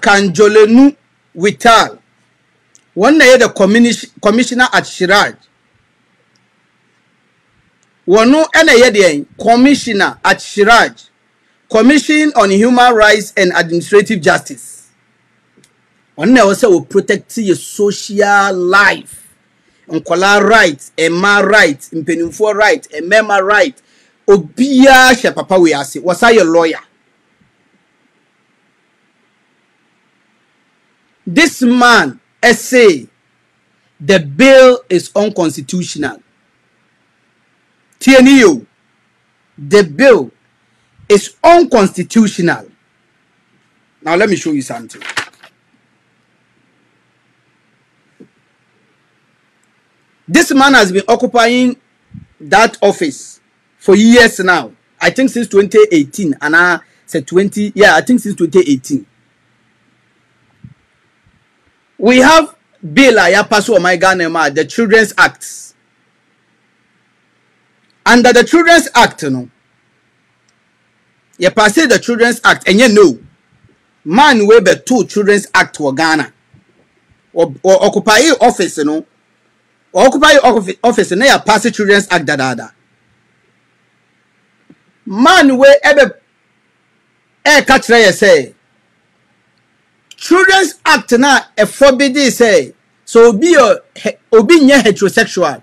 Kanjolenu Wital wannan ya da commissioner at Shiraj wọnú ẹnna yẹ deɛ commissioner at Shiraj commission on human rights and administrative justice ɔno na ɛwɔ sɛ wɔ protect yɛ social life nkɔlaa right mmaa right mpanimfoɔ right mmarima right obiya hyɛ papa wei wasa your lawyer This man, say, the bill is unconstitutional. TNU, the bill is unconstitutional. Now let me show you something. This man has been occupying that office for years now. I think since 2018 and I said 20 yeah, I think since 2018. we have bill a yɛapaso wɔ man ghana the children's act under the children's act no yɛpase the children's act ɛnyɛ no man wei two children's act wɔ ghana ɔkupaye office no ɔkupaye office na yɛapase children's act dadaada man wei ɛbɛ ɛɛka e kyerɛ yɛ sɛ children's act na ɛfɔ bi di sɛ so obi yɛ obi nyɛ heterosexual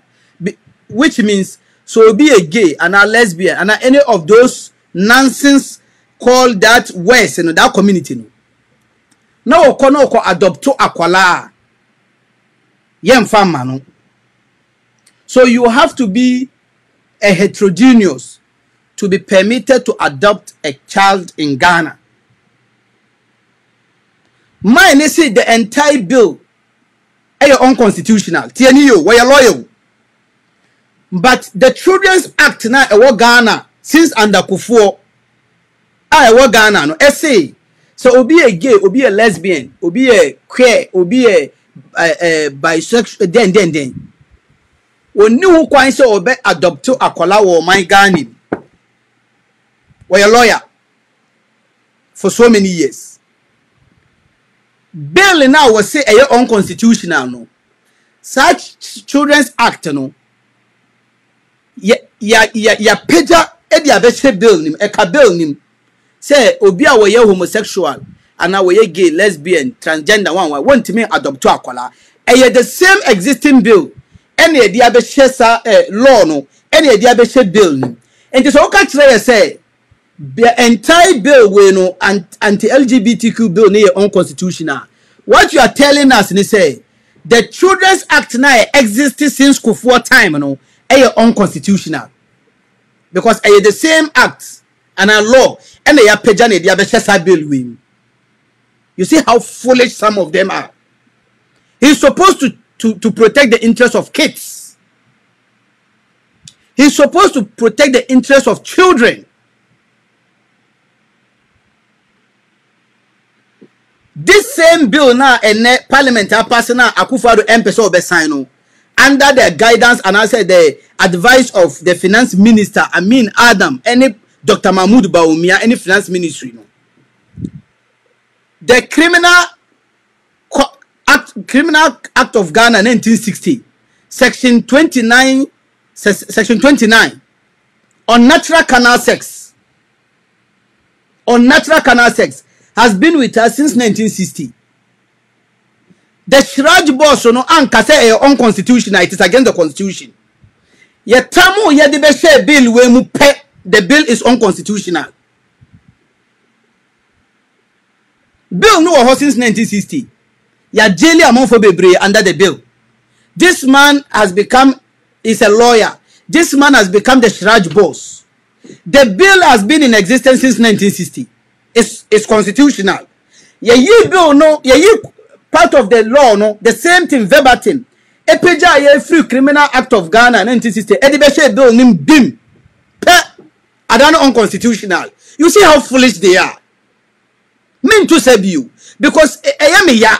which means so obi yɛ gay and ana lesbian ana any of those nonsense call that words you know, that community no na wɔkɔ na wɔkɔ adopto akwalaa yɛmfa mma no so you have to be a heterogeneous to be permitted to adopt a child in ghana mine ne say the entire bill ɛyɛ eh, unconstitutional tie ni yo wɔyɛ lawyer but the children's act na ɛwɔ eh, ghana since under kufuor a ah, ɛwɔ eh, ghana no ɛsɛ sɛ obi yɛ gay obi yɛ lesbian obi yɛ queer obi yɛ ɛɛ ɛɛ bisexual den den den oni ho kwan sɛ ɔbɛ adopto akɔla wɔ ɔman ghana mu wɔyɛ lawyer for so many years bill na wɔsi ɛyɛ eh, unconstitutional no saa children's act no yɛ yɛ yɛ yɛapagya ɛde abɛhyɛ bill nim ɛka eh, bill nim sɛ obi a wɔyɛ homosexual anaa wɔyɛ gay lesbian transgender one one wɔntumi adopt akwaraa ɛyɛ eh, the same existing bill ɛna yɛde abɛhyɛ saa ɛɛ law no ɛna yɛde abɛhyɛ bill nim nti sɛ wɔka kyerɛ yɛ sɛ. entire bill know, and anti-lgbtq bill ne unconstitutional what you are telling us they say, the children's act now exists since kofoɔ time know, is unconstitutional because it is the same act and a law and they apagya na yɛde bill wei you see how foolish some of them are he's supposed to to to protect the interests of kids he's supposed to protect the interests of children same bill na ɛnɛ parliament apase na akufo-addo mpɛ sɛ ɔbɛsan no under the guidance and answer the advice of the finance minister amin adam any dr mahmood bawumia any finance ministry no the criminal act criminal act of ghana 1960 section 29 section 29 unnatural canal sex unnatural canal sex has been with us since 1960 the shraj boss no anka sɛ ɛyɛ eh, unconstitutional it is against the constitution yɛtam yɛde bɛhyɛ bill we mu pɛ the bill is unconstitutional bill no wɔ since 1960 yɛagyeli for bebree under the bill this man has become is a lawyer this man has become the shraj boss the bill has been in existence since 1960 it's, it's constitutional yɛyi bill no yɛyi part of the law no the same thing verbatim apagya a yɛafiri criminal act of ghana 1960 ɛde bɛhyɛ bill nim bim pɛ ada no unconstitutional you see how foolish they are Me mento sɛ bio because ɛyɛ e, e, me ya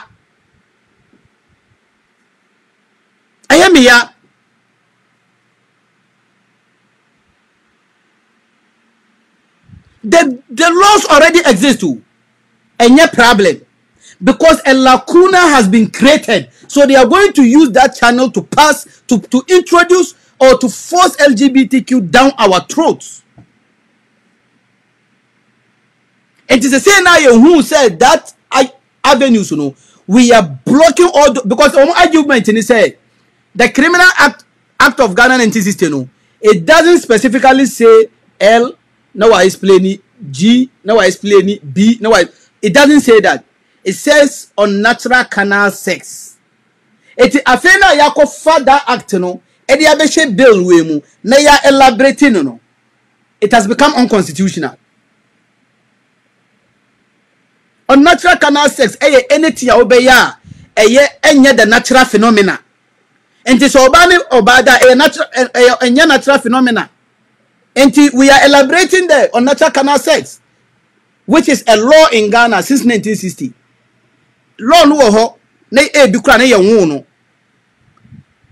ɛyɛ e, me ya the the laws already exist o oh. ɛnyɛ problem because a lacuna has been created. So they are going to use that channel to pass, to, to introduce, or to force LGBTQ down our throats. it's the same now who said that I avenues, you know, we are blocking all the, because our argument in say the criminal act act of Ghana and system, you know, it doesn't specifically say L, now I explain it, G, now I explain it, B, now I it doesn't say that. it says unnatural canal sex eti afei na yakɔfa that act no ɛde abɛhyɛ bill wei mu na ya elaborate no no it has become unconstitutional unnatural canal sex ɛyɛ anything a wobɛyɛ a ɛyɛ ɛnyɛ the natural phenomena nti sɛ ɔbaa ne ɔbaa da ɛyɛ natural ɛyɛ ɛnyɛ natural phenomena nti we are elaborating the unnatural canal sex which is a law in ghana since 1960 law no wɔ hɔ na ebi kura ne yɛ nwoo no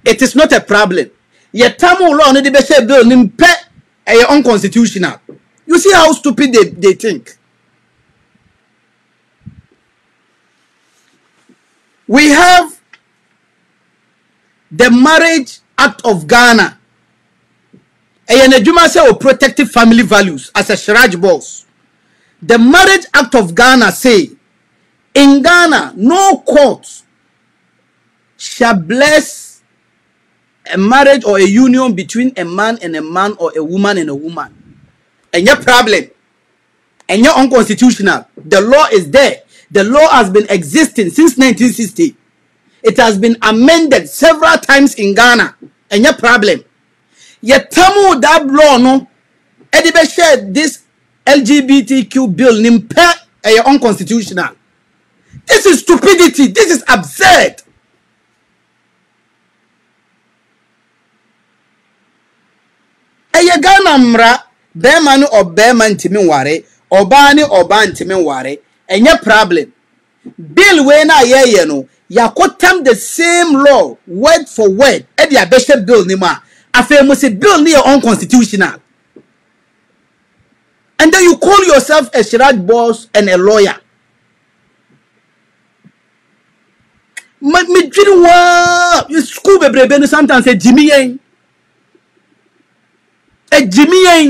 it is not a problem yɛtam law no de bɛhyɛ bill ne mpɛ ɛyɛ unconstitutional you see how stupid they they think. We have the Marriage Act of Ghana. Ɛyɛ n'adwuma sɛ o protective family values as a charge boss. The Marriage Act of Ghana say In Ghana, no court shall bless a marriage or a union between a man and a man or a woman and a woman. And your problem. And your unconstitutional. The law is there. The law has been existing since 1960. It has been amended several times in Ghana. And your problem. Yet tamu that law no edibe this LGBTQ bill nimpe a unconstitutional. This is stupidity. This is absurd. Ẹyẹ Ghana mmara bẹẹma ne ọbẹẹma ntumi nware ọbaa ne ọbaa ntumi nware ẹnyẹ problem. Bill wei na yẹyẹ no yàkọtam the same law word for word ẹdi abẹhyẹ bill ni mu a afei mo sẹ bill ni yẹ unconstitutional. And then you call yourself a charade boss and a lawyer. medwiri waa sukuu bebrebe no santan ɛgyi mi yɛn ɛgyi mi yɛn